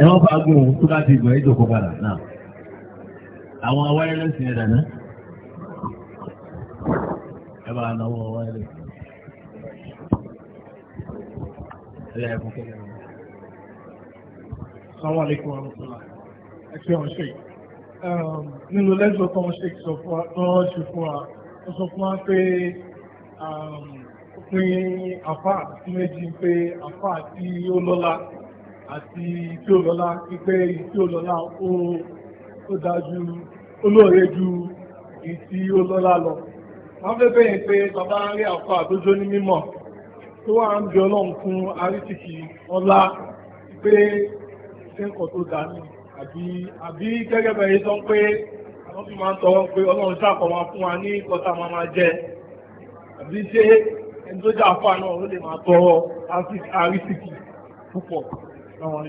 ẹ̀wọ́n bá gùn tó bá ti gbọ̀n ìjòkó padà náà àwọn wáyẹ́lẹ́sì yẹn dàná ẹ bá náwó wáyẹ́lẹ́sì ẹ̀yà ẹ̀fún kẹ́lẹ́ rẹ̀. Sáwọn àlékún àrùntúlá, ẹ fi hàn ṣe. Nínú lẹ́jọ́ kan ṣe sọ fún wa, lọ́wọ́ ṣe fún wa, ó sọ fún wa pé um, pín àfáà sí méjì pé àfáà tí ó lọ́lá àti tí ó lọ́lá pípẹ́ èyí tí ó lọ́lá ó dájú olóore ju èyí tí ó lọ́lá
lọ. wọ́n fẹ́ bẹ́yìn pé bàbá rí àfọ àdójó ní mímọ̀ tó wà ń bí ọlọ́run
fún arítìkì ọlá pé ṣé nǹkan tó dà ní àbí àbí gẹ́gẹ́ bẹ̀rẹ̀ sọ pé àwọn tó máa ń tọrọ pé ọlọ́run ṣàkọ máa fún wa ní
kọta máa máa jẹ àbí ṣé ẹni tó jà fún àná ó lè máa tọrọ
arítìkì púpọ̀ náà jẹ́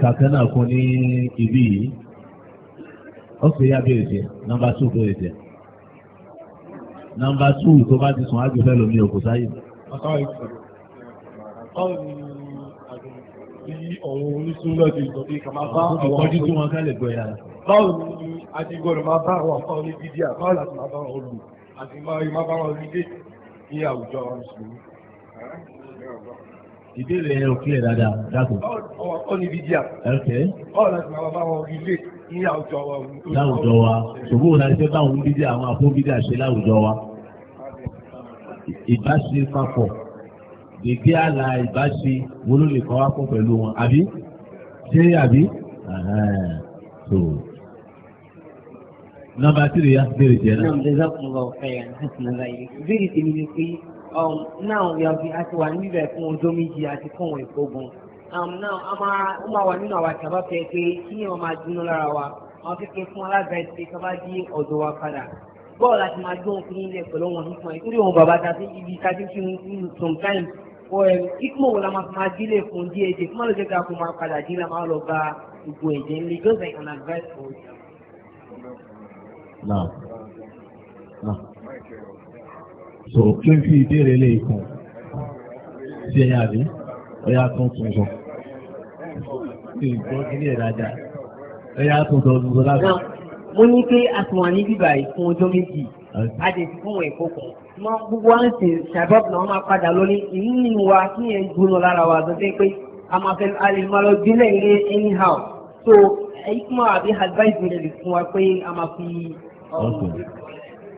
kàkẹ́ náà kún ní ibi yìí ó fi yá bèrè jẹ nọ́mbà two bèrè jẹ nọ́mbà two tó bá ti sùn á gbé fẹ́ lómi òkú sáyé sí ọ̀rọ̀ onísúnlọ́ ti sọ pé kàmá bá àwọn ọdún tó wọn kálẹ̀ gbọ́ yàrá. báwo ni a ti gbọ́dọ̀ máa bá àwọn afá orí dídí àbáwò láti máa bá wọn lò àti máa bá wọn rí dé ní àwùjọ àwọn mùsùlùmí. ìbéèrè ẹ̀ ò kílẹ̀ dáadáa dákò. ọwọ́ kọ́ ni dídí à. báwo láti máa bá wọn rí dé ní àwùjọ wa. láwùjọ wa ṣùgbọ́n láti fẹ́ báwọn dídí àwọn àfọ́ dídí àṣẹ láwùjọ wa. ìbáṣe papọ̀ ìgbé àlà ìbáṣe wo ló lè kọ́ wá pọ̀ pẹ̀lú wọn àbí ṣé àbí so nọ́mbà tìrì yá béèrè jẹ náà. nọ́mbà ìzọ́kùn lọ fẹ́ yà ní ṣùgbọ́n náà yìí ìbéèrè tèmi ni pé náà yàgbé àti wà níbẹ̀ fún ọjọ́ méjì àti fún ọ̀hún ẹ̀kọ́ gan
náà a um, máa wà nínú àwọn àṣàbà fẹ́ pé kí ni wọ́n máa dúró lára wa àwọn kékeré fún alága ẹ̀sìn tó bá di ọ̀dọ̀ wa padà bọ́ọ̀lù àti máa dún òfin ilẹ̀ pẹ̀lú wọn nípa ìtúrí òun bàbá tàbí ibi tàbí kí n sometimes Um, ikmo wo la ma ma dile fún díẹ̀ díẹ̀ kuma ló jẹ ká fún ma padà di la ma lọ gba
gbogbo ẹ̀jẹ̀ ní just like an advice for you. na na so kí n fi ìbéèrè lè kàn sí ẹ̀yà rí ẹ̀yà tún tún sọ kí n gbọ́ kí ní ẹ̀dá dá ẹ̀yà tún sọ tuntun láti. mo ní pé a tún wà ní bíbá yìí ọjọ́ méjì
a jẹ fún ẹ̀kọ́ kan mọ gbogbo wa ń sì ṣàbọ̀bù náà wọ́n máa padà lórí ìyìn wa kí yẹn gbóná lára wa tó ṣe pé a máa fẹ́ a lè máa lọ gbélé ilé anyhow so èyí kí wọ́n àbí advice mi lè fún wa pé a máa fi.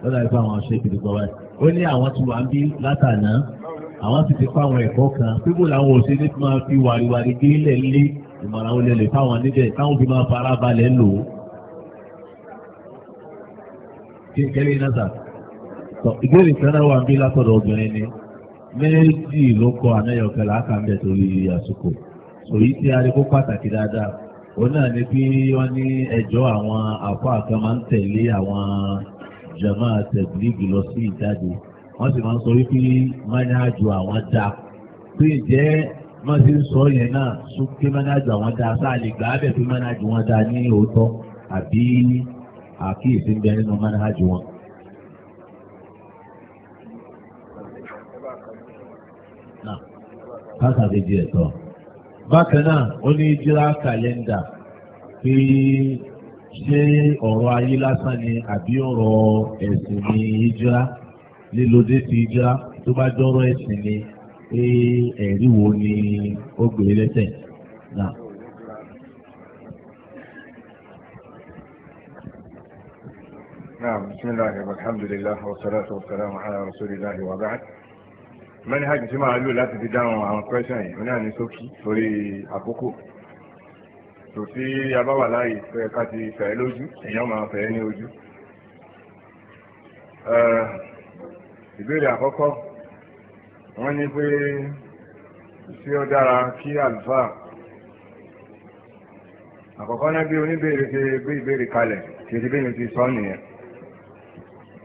lọ́dà um, ìfọ̀ àwọn ṣe kìlì gbọ́ báyìí ó ní àwọn tí wàá ń bí látàná àwọn sì ti kọ́ àwọn ẹ̀kọ́ kan pípò làwọn ò ṣe ní máa fi wàríwàrí gbélé ilé ìmọ̀ràn olè lè fáwọn níbẹ̀ ìbéèrè kanáà wà bí látọ̀dọ̀ obìnrin ni méjì ló kọ ànáyọ̀kẹ́ làákàmbẹ̀ torí àsìkò òyí a pàtàkì dáadáa òun náà ni bí wọ́n ní ẹjọ́ àwọn àfáà kan máa ń tẹ̀lé àwọn jama tẹ̀blígì lọ sí ìjáde wọ́n sì máa ń sọ wípé àwọn dá pé wọ́n ti ń sọ yẹn náà àwọn dá sáà lè gbà á bẹ̀ wọn dá ní òótọ́ àbí àkíyèsí ń bẹ nínú káṣàbẹ̀jì ẹ̀tọ́. bákan náà ó ní jíra kàlẹ́ndà pé ṣé ọ̀rọ̀ ayé lásán ni àbí ọ̀rọ̀ ẹ̀sìn ni jíra lílodé ti jíra tó bá jọ́rọ̀ ẹ̀sìn ni pé ẹ̀rí wo ni ó gbé lẹ́sẹ̀ náà.
نعم بسم الله والحمد لله والصلاة والسلام على رسول الله وبعد mẹ́nìhàjì tí máa lò láti fi dáhùn àwọn question yìí ní àní sókí torí àkókò tò sí abáwà láàyè tó ẹ̀ka ti fẹ̀ lójú èèyàn máa fẹ̀ ní ojú. ìbéèrè àkọ́kọ́ wọ́n ní pé ṣé ó dára kí àlùfáà àkọ́kọ́ náà bí oníbèrè ṣe gbé ìbéèrè kalẹ̀ kì í ṣe bí mi ti sọ nìyẹn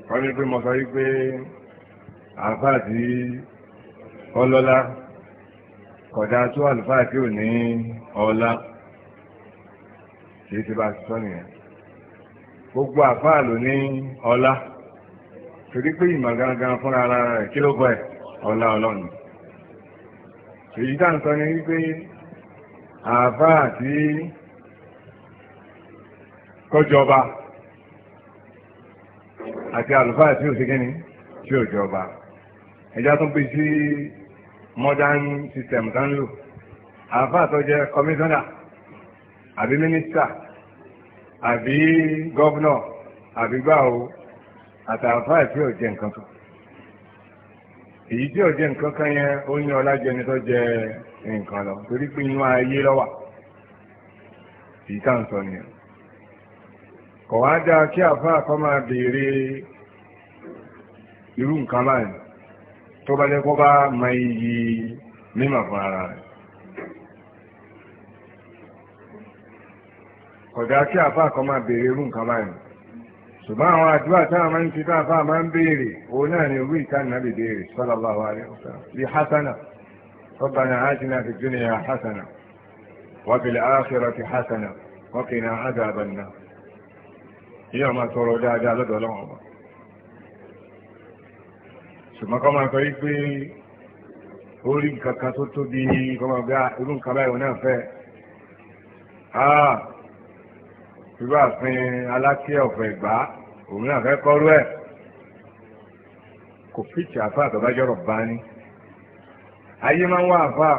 wọ́n ní pé mo sọ wípé àlùfáà tí ọlọ́lá kọ̀dá tó àlùfáà tí ò ní ọlá kìí ti bá a sọ nìyẹn gbogbo àfáà ló ní ọlá torí pé ìmọ̀ gangan fúnra ara rẹ̀ kí ló bọ̀ ẹ̀ ọlá ọlọ́run èyí tá à ń sọ ni wípé àfáà tí kọjọba àti àlùfáà tí ò sí kíni tí ò jọba ẹja tó bí sí modern system tán lò àfáà tó jẹ́ commissioner àbí abi àbí governor àbí gbáwo àtàfáà tí ò jẹ́ nǹkan kan èyí tí ò jẹ́ nǹkan kan yẹn ó ní ọlá tó jẹ nǹkan lọ torí pé inú ayé lọ́wà èyí tá sọ tó bá lẹ́kọ́ bá ma iyì mímọ̀ fún ara rẹ̀ kọ̀dá kí àfáà kan máa béèrè irú nǹkan báyìí ṣùgbọ́n àwọn àdúrà táwọn máa ń fi táwọn àfáà máa ń béèrè òun náà ni orí ìta nàbì béèrè sallallahu alaihi wasallam li hasana rabbana atina fid dunya hasana wa fil akhirati hasana wa qina adhaban nar yíyọ̀ máa tọrọ dáadáa lọ́dọ̀ ọlọ́run ṣùgbọ́n kọ́ máa sọ yí pé orí nǹkan kan tó tóbi ní kọ́ máa gbá irú nǹkan báyìí náà fẹ́ irú àfin alákẹ́ ọ̀fẹ́ ìgbà òun náà fẹ́ kọ́rú ẹ̀ kò fìtì àfa àtọ́bájọ́rọ̀ bá ní ayé máa ń wá àfa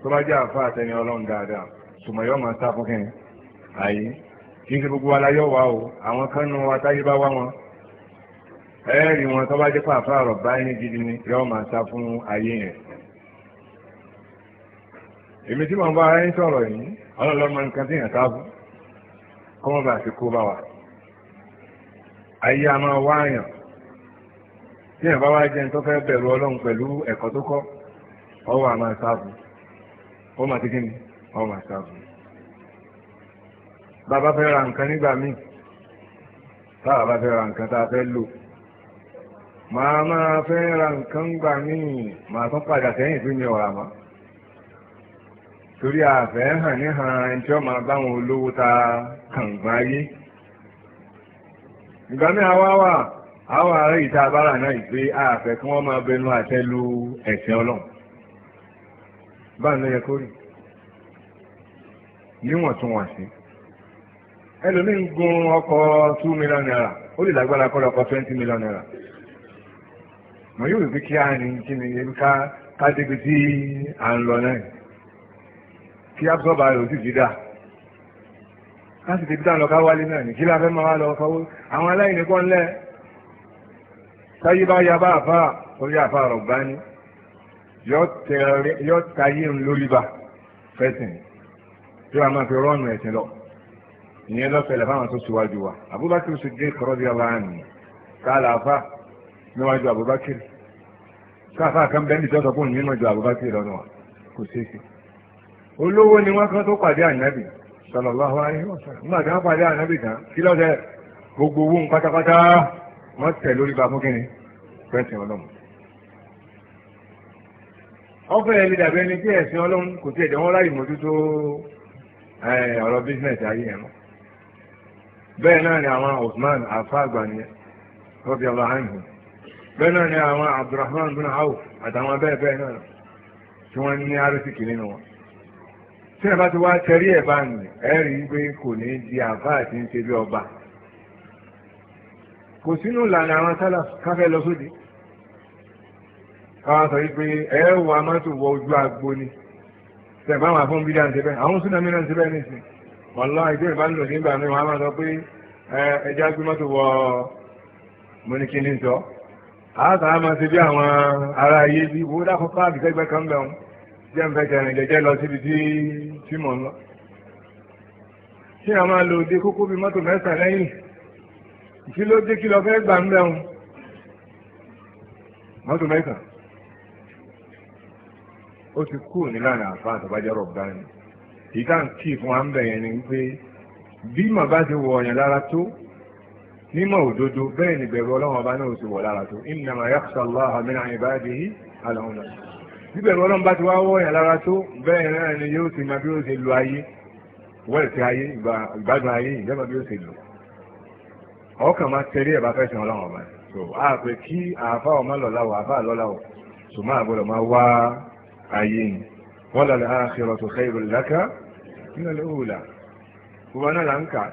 tó àfa àtẹni ọlọ́run dáadáa sùmọ̀ yóò máa sá fún kẹ́ni ayé kì í ṣe gbogbo alayọ̀ wa o àwọn kan nù wa táyé bá wá wọn. ẹ̀ẹ́rì wọn tó bá jẹ́ báyìí gidi ni yóò máa sá fún ayé yẹn. èmi tí mo bá ara yín sọ̀rọ̀ yìí ọlọ́lọ́mọ nǹkan tí yàn sá fún bá ti kó bá wa. ayé a máa wá tí yàn bá wá jẹun tó fẹ́ bẹ̀rù ọlọ́run pẹ̀lú ẹ̀kọ́ tó kọ́ ọwọ́ a máa sá fún ó máa ti kí ni ọwọ́ máa sá fún. bàbá fẹ́ ra nǹkan nígbà míì màá máa fẹ́ ra nǹkan gbà mí màá tún padà sẹ́yìn fún mi torí àfẹ́ hàn ní olówó ta kàǹgbà ayé ìgbà mi àwa wà àwọn ààrẹ ìta abára náà ìgbé àfẹ́ kí wọ́n máa bẹnu àtẹ́ lu ẹ̀sìn ọlọ́run báyìí ló yẹ kó rí ẹlòmíín gun ọkọ̀ two million naira ó lè lágbára kọ́ twenty million naira. mọ̀ yóò fi kí á ní kí ni ebi ká ká débi tí à ń lọ náà kí absorber rẹ̀ ò sì fi dà láti débi tá à ń lọ ká wálé náà ní la fẹ́ máa lọ fọwọ́ àwọn aláìní kọ́ ńlẹ̀ táyé bá yá bá àfà orí àfà rọ̀gbá ni yọ tayé ń lórí bá fẹ́sìn tí wàá máa fi rọ́ọ̀nù ẹ̀sìn lọ ìyẹn lọ́fẹ̀ẹ́ lẹ́fọ́ àwọn tó ṣíwájú wa Abubakar Siddiq kọ́rọ́ bí ọba àmì ká làáfà níwájú Abubakar káfá kan bẹ́ẹ̀ nìjọ́ sọ́kùn nínú ìjọ Abubakar lọ́nà wa kò ṣeé olówó ni wọ́n kan tó pàdé ànábì sallallahu alaihi wasallam nígbà tí pàdé ànábì tán kí gbogbo owó ń pátápátá wọ́n tẹ̀ lórí ba fún kínní ọlọ́mù ẹni dàbí ẹni tí ẹ̀sìn kò tí mójútó ọ̀rọ̀ bísínẹ̀sì ayé ẹ̀ mọ́ bẹ́ẹ̀ náà ni àwọn Usman bẹ́ẹ̀ ni àwọn Abdulrahman bin Auf àtàwọn bẹ́ẹ̀ bẹ́ẹ̀ náà tí wọ́n ní arísìkì nínú wọn tí ẹ bá ti wá tẹrí ẹ̀ nì ẹ rí i pé kò ní di àbá àti ń ṣe bí ọba kò sínú ìlànà àwọn sálà káfẹ́ lọ káwọn sọ ẹ wà wọ ojú agbo ni àwọn nìsín ìdí mi wọn á máa sọ pé ẹ mọ́tò wọ mọ́nìkì àtàá máa ṣe bí àwọn ará ayé bí wo dákọ̀ páàkì tẹ́gbẹ́ kan bẹ̀rún jẹ́ ń fẹ́ kẹrin jẹ́jẹ́ lọ síbi tí tí mò ń lọ. kí a máa lo òde kókó bíi mọ́tò mẹ́sàn-án lẹ́yìn kí ló dé kí lọ fẹ́ gbà ń bẹ̀rún mọ́tò mẹ́sàn-án ó ti kú nílànà àfáà tọ́bajẹ́ rọ̀ gbani ìtàn kí fún wa ń bẹ̀yẹn ni pé bí màbá ti wọ̀ ọ̀yàn lára tó mímọ̀ òdodo bẹ́ẹ̀ ni bẹ̀rù ọlọ́run ọba náà ti wọ̀ lára tó innama yakhsha Allaha min ibadihi al-ulama bí bẹ̀rù ọlọ́run bá ti wá wọ́ yàn lára tó bẹ́ẹ̀ náà ni yóò ti máa bí ó ṣe lu ayé wẹ́ẹ̀tì ayé ìgbádùn ayé ìjọba bí ó ṣe lò ọkàn máa tẹ̀lé ẹ̀bá fẹ́sìn ọlọ́run ọba so a pè kí àáfà ọmọ lọ́láwọ̀ àáfà lọ́láwọ̀ so máa gbọ́dọ̀ máa wá ayé ni wala al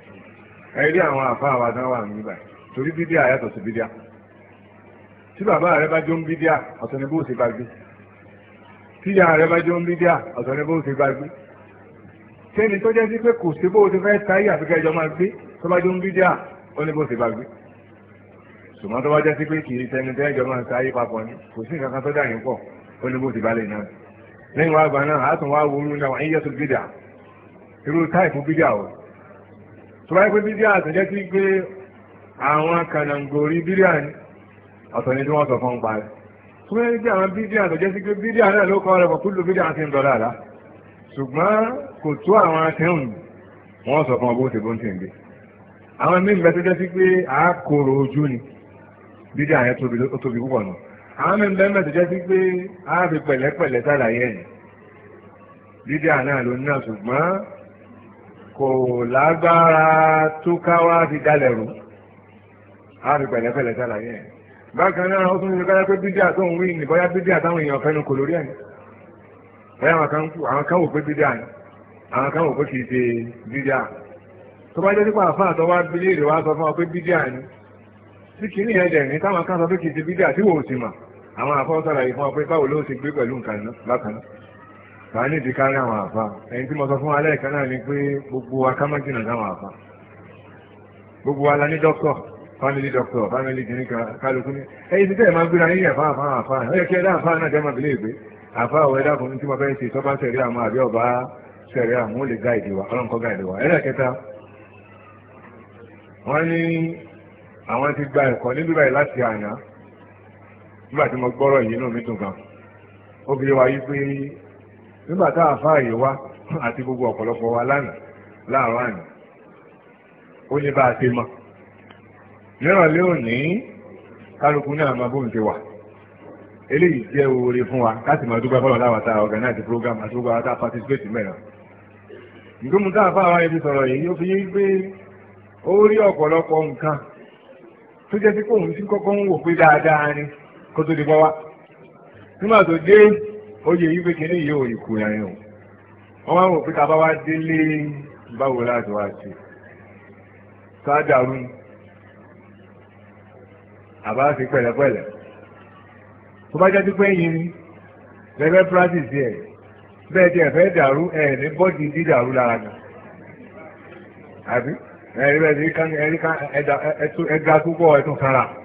ẹ̀rí àwọn àfa àwàdán wà ní ibà torí bídíà yàtọ̀ sí bídíà tí bàbá rẹ bá jó ń bídíà ọ̀tọ̀ ni bó ṣe bá gbé tíyà rẹ bá jó ń bídíà ọ̀tọ̀ ni bó ṣe bá gbé sẹ́ni tó jẹ́ sí pé kò sí bó ṣe fẹ́ táyé àfikẹ́ ìjọ máa gbé tó bá jó ń bídíà ó ní bó ṣe bá gbé ṣùgbọ́n tó bá jẹ́ sí pé kì í sẹ́ni tẹ́ ìjọ máa táyé papọ̀ ni kò sí nǹkan kan tó dà yín pọ̀ ó ní bó ṣe bá lè náà lẹ́yìn wá gbà náà tọ́lá pé bídíà àtẹ̀jẹ́ tí pé àwọn kànàngórí bídíà ni ọ̀tọ̀ ni tí wọ́n sọ fún un parí tó yẹ kí àwọn bídíà àtẹ̀jẹ́ sí pé bídíà náà ló kọ́ rẹ̀ pọ̀ kúlù bídíà àti ìdọ̀lá àlá ṣùgbọ́n kò tó àwọn atẹ́hùn wọ́n sọ fún ọgbó òṣèlú tí ń gbé àwọn míì bẹ́ẹ̀ tó jẹ́ sí ojú ni bídíà yẹn tóbi púpọ̀ náà àwọn míì bẹ́ẹ̀ tó jẹ́ sí pẹ̀lẹ́pẹ̀lẹ́ sàlàyé ẹ̀ kò lágbára tó káwá ti dalẹ̀ rú a fi pẹ̀lẹ́pẹ̀lẹ́ sàlàyé ẹ̀ bákan náà ó tún ní kájá pé bídíà tó ń wí ní bóyá bídíà táwọn èèyàn fẹ́nu kò lórí ẹ̀ bóyá àwọn kan wò pé bídíà ni àwọn kan wò pé ṣe bídíà tó bá jẹ́ wa sọ fún pé bídíà ni tí kìíní dẹ̀ ní táwọn kan sọ pé ṣe bídíà tí wò ó sì mà àwọn kàá ní ìdí kárí àwọn àfa ẹni tí mo sọ fún alẹ́ náà ni pé gbogbo wa ká má jìnnà sáwọn àfa gbogbo wa la ní family doctor family kìíní kálukú ní ẹ̀yin ti tẹ́ẹ̀ máa gbéra yín àfa àfa àfa ẹ yẹ kí ẹ dá àfa náà jẹ́ máa ìgbé àfa ọ̀ ẹ dákun tí mo fẹ́ ṣe tọ́ba sẹ̀rí àmọ́ àbí ọba sẹ̀rí àmọ́ ó lè gá ìdí wa ọlọ́nkọ́ gá wa wọ́n ní àwọn ti gba ẹ̀kọ́ nígbà tá a fáàyè wa àti gbogbo ọ̀pọ̀lọpọ̀ wa lánàá láàárọ̀ àná ó ní bá a ṣe mọ̀ nírọ̀lẹ́ òní kálukú náà máa bóun ti wà eléyìí jẹ́ wa láti máa dúpẹ́ fọlọ́ ọganaịti tá a program àti gbogbo àwọn tá a participate ìgbóhùn tá a ibi sọ̀rọ̀ yìí ó fi yé pé ó rí ọ̀pọ̀lọpọ̀ nǹkan tó jẹ́ sí kóun sí kọ́kọ́ ń ó yẹ wípé kí ní yóò ikú ya o wọ́n wò pé a bá wá délé báwo láti wá sí sádàrú àbá fi pẹ̀lẹ́pẹ̀lẹ́ tó bá jẹ́ pípẹ́ yín lẹ́fẹ́ practice ẹ̀ bẹ́ẹ̀ tí fẹ́ dàrú ẹ̀ ní bọ́ọ̀dì lára àbí bẹ́ẹ̀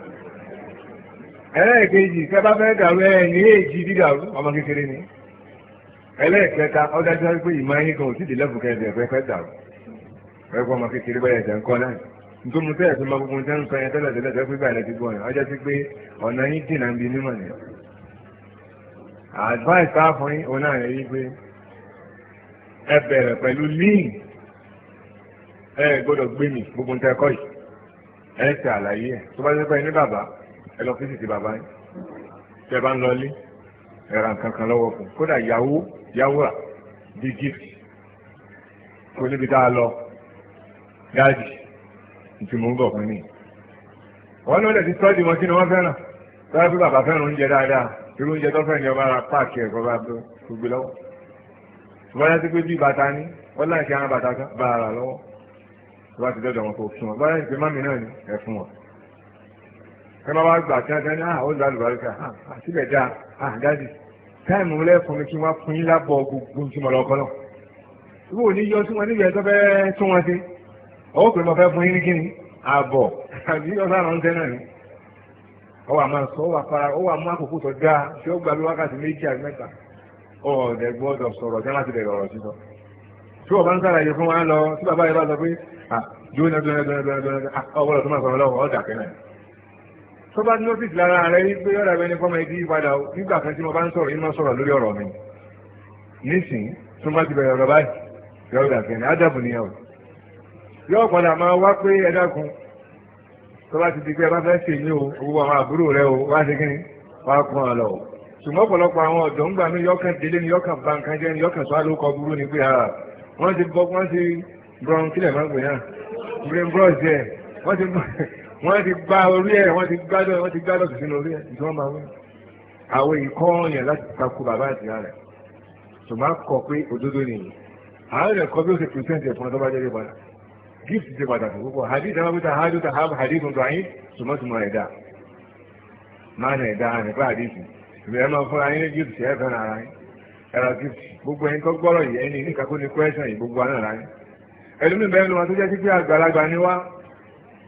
ẹlẹ́ẹ̀kejì sábà fẹ́ dàrú ẹ̀yìn èjì dídàrú ọmọ kékeré ni ẹlẹ́ẹ̀kẹta pé ìmọ̀ kan ò kẹ́ẹ̀dẹ̀ fẹ́ dàrú ẹ̀kọ́ ọmọ kékeré náà nítorí mo tẹ́lẹ̀ tó máa gbogbo tẹ́lẹ̀ tẹ́lẹ̀ tẹ́lẹ̀ pé ti gbọ́ yẹn ọjọ́ sí pé ọ̀nà yín ni advice tá a fún yín òun náà rẹ̀ pé ẹ bẹ̀rẹ̀ pẹ̀lú lean ẹ gbọ́dọ̀ gbé mi gbogbo tẹ́ kọ́ yìí ẹ ṣe àlàyé tó bá ti pẹ́ bàbá ẹ lọ fíìsì ti bàbá yín tẹ bá ń lọlé ẹ ra nǹkan kan lọ́wọ́ fún kódà yàwó yàwó rà bí gift kó níbi tá a lọ gáàdì ìtì mò ń bọ̀ fún mi. wọn ló lè ti tọ́jú wọn sínú wọn fẹ́ràn tọ́jú pé bàbá fẹ́ràn oúnjẹ dáadáa irú oúnjẹ tó fẹ́ràn ni ọba ara páàkì ẹ̀kọ́ bá gbogbo lọ́wọ́. ìwọ́n yá sí pé bí bàtà ni wọ́n láì ṣe àwọn bàtà bá ara lọ́wọ́. ìwọ́n ti dọ́dọ̀ wọn kò fún wọn bọ́lá ìpè mọ́mì náà ni ẹ̀ fún wọn kẹ́mọ́ wá gbà kí wọ́n tẹ́ ní à ah, ó lọ àlùbáríkà à ah, ah, síbẹ̀ dá à dáàdì táìmù lẹ́fun ni kí wọ́n fún yín lábọ̀ gbogbo tí mo lọ kọ́ náà ìwọ ò ní yọ sí wọn níbi ẹ̀tọ́ fẹ́ tún wọn sí ọwọ́ pé mo fẹ́ fún yín ní kíni àbọ̀ àbí ọ̀sán àwọn tẹ́ náà ni ọwọ́ àmọ́ sọ ọwọ́ àfara ọwọ́ àmọ́ àkókò tó dáa tí ó gba bí wákàtí méjì àti mẹ́ta ọ̀ọ́dẹ gbọ́dọ̀ sọ̀rọ̀ tí wọ́n ti bẹ̀rẹ̀ ọ̀rọ̀ sọ̀rọ̀ tó bá notice lára rẹ wípé bụ ẹ̀mẹ́ ní kọ́mọ ẹbí padà nígbà kan tí mo bá ń sọ̀rọ̀ iná sọ̀rọ̀ lórí ọ̀rọ̀ mi nísìn tó má ti bẹ̀rẹ̀ ọ̀rọ̀ báyìí yọ̀ọ́ o padà máa wá pé ẹ dákun tó bá ti o owó àwọn àbúrò rẹ o wá kí ni wá kún ọ lọ ṣùgbọ́n ọ̀pọ̀lọpọ̀ àwọn ọ̀dọ́ ń gbà wọ́n ti gba orí ẹ̀ wọ́n ti gbádọ̀ wọ́n ti gbádọ̀ sí orí ẹ̀ ìjọba máa wọ́n àwọn ìkọ́ ọ̀yàn láti takò bàbá àti ààrẹ ṣùgbọ́n kọ pé òdodo nìyí ààrẹ kọ bí ó ṣe pèsèǹtì ẹ̀fọn tó bá jẹ́ padà gift ti pàtàkì púpọ̀ hadith hadith ta hab hadith tó ayé ṣùgbọ́n tó mọ ẹ̀dá máa nà ẹ̀dá ààrẹ pé hadith ìbí ẹ̀ máa fún ayé ní gift ẹ̀rọ gift gbogbo gbọ́rọ̀ ẹni ní kakó ni yìí gbogbo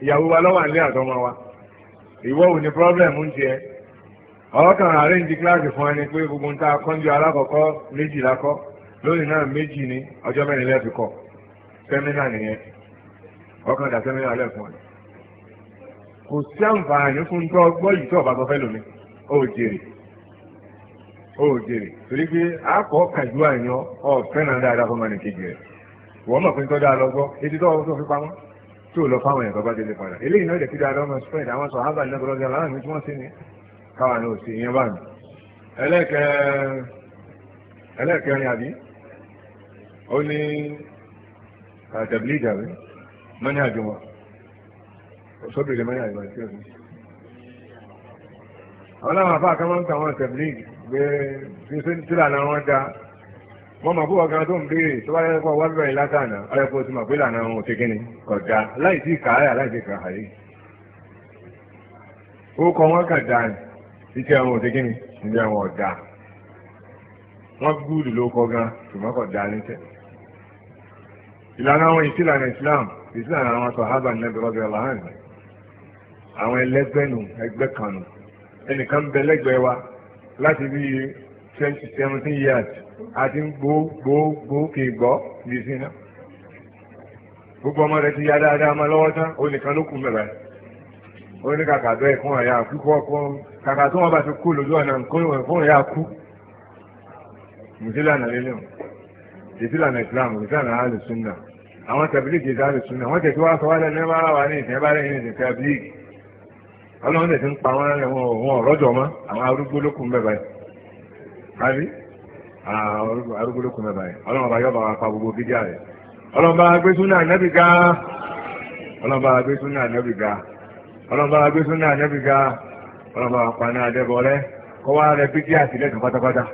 ìyàwó wa lọ́wọ́ àlẹ́ àtọmọ wa ìwọ ò ní pírọ́blẹ̀mù ń tiẹ̀ ọkàn àrẹ́ǹdì kíláàsì fún ẹni pé gbogbo nta akọ́njọ alákọ̀ọ́kọ́ méjì lakọ́ lónìí náà méjì ni ọjọ́ mẹ́rin lẹ́ẹ̀fi kọ́ sẹ́mínà nìyẹn ọkàn dà sẹ́mínà lẹ́ẹ̀ fún ẹ. kò sí àǹfààní fún tọ́ gbọ́ yìí lómi ó jèrè ó jèrè torí pé kàjú àyàn ọ̀ fẹ́ràn dáadáa fún ọmọ nìkejì tí ò lọ fáwọn èèyàn tó bá délé padà eléyìí náà ìdẹ̀kí dáadáa ọmọ spain àwọn sọ harvard náà gbọdọ̀ láwọn ní tí wọ́n sí ni káwa náà sí ìyẹn bá mi ẹlẹ́ẹ̀kẹrin àbí ó ní àtẹ̀bílì ìjàwé mọ́ní àjò wọn sóbìrì mọ́ní àjò wọn sí òní. àwọn máa ń ta àwọn àtẹ̀bílì gbé tí sílànà wọn dáa wọ́n mọ̀ fún ọ̀gá tó ń béèrè tó bá yẹ́pọ̀ wá bẹ̀rẹ̀ látànà ọ̀yẹ́pọ̀ tí mọ̀ pé lànà wọn ti kíni kọ̀dá láì sí kàáyà láì sí kàáyé ó kọ wọn kàdá ni iṣẹ́ wọn ò ti kíni iṣẹ́ wọn ọ̀dá wọn gúdù ló kọ gan ṣùgbọ́n kọ̀dá níṣẹ́ ìlànà àwọn ìsìlànà Islam ìsìlànà àwọn sọ̀hábà nẹ́bẹ̀ rọ́bẹ̀ ọ̀làhàn àwọn ẹlẹ́gbẹ́nu ẹgbẹ́ kanu ẹnìkan bẹ lẹ́gbẹ̀ẹ́ wa láti bí seventeen years àti gbòógbòógbòókè gbọ́ bíi sí náà gbogbo ọmọ rẹ ti ya dáadáa ma lọ́wọ́ tán ó nìkan ló kù mẹ́rẹ̀ ó ní kàkà bẹ́ẹ̀ fún ọ̀yà púpọ̀ fún kàkà tó wọn bá ti kú lójú ọ̀nà nǹkan ìwọ̀n fún ọ̀yà kú mùsùlùmí lélẹ̀ Islam àwọn wọ́n wá sọ ní ìsìn rẹ̀ ní ìsìn ọlọ́run ń pa wọn mọ́ àwọn arúgbó ló àbí arúgbó ah, aaa mẹ́ta yẹn ọlọ́run yọ bàbá pa gbogbo bídíà rẹ̀ ọlọ́run bá gbé súnà ànábì ga ọlọ́run bá gbé súnà ànábì ga ọlọ́run bá gbé súnà ànábì ga ọlọ́run bá pa ní adébọlẹ́ kọ́ wá rẹ bídíà sílẹ̀ kan pátápátá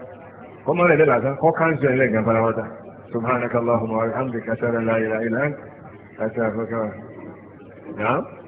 an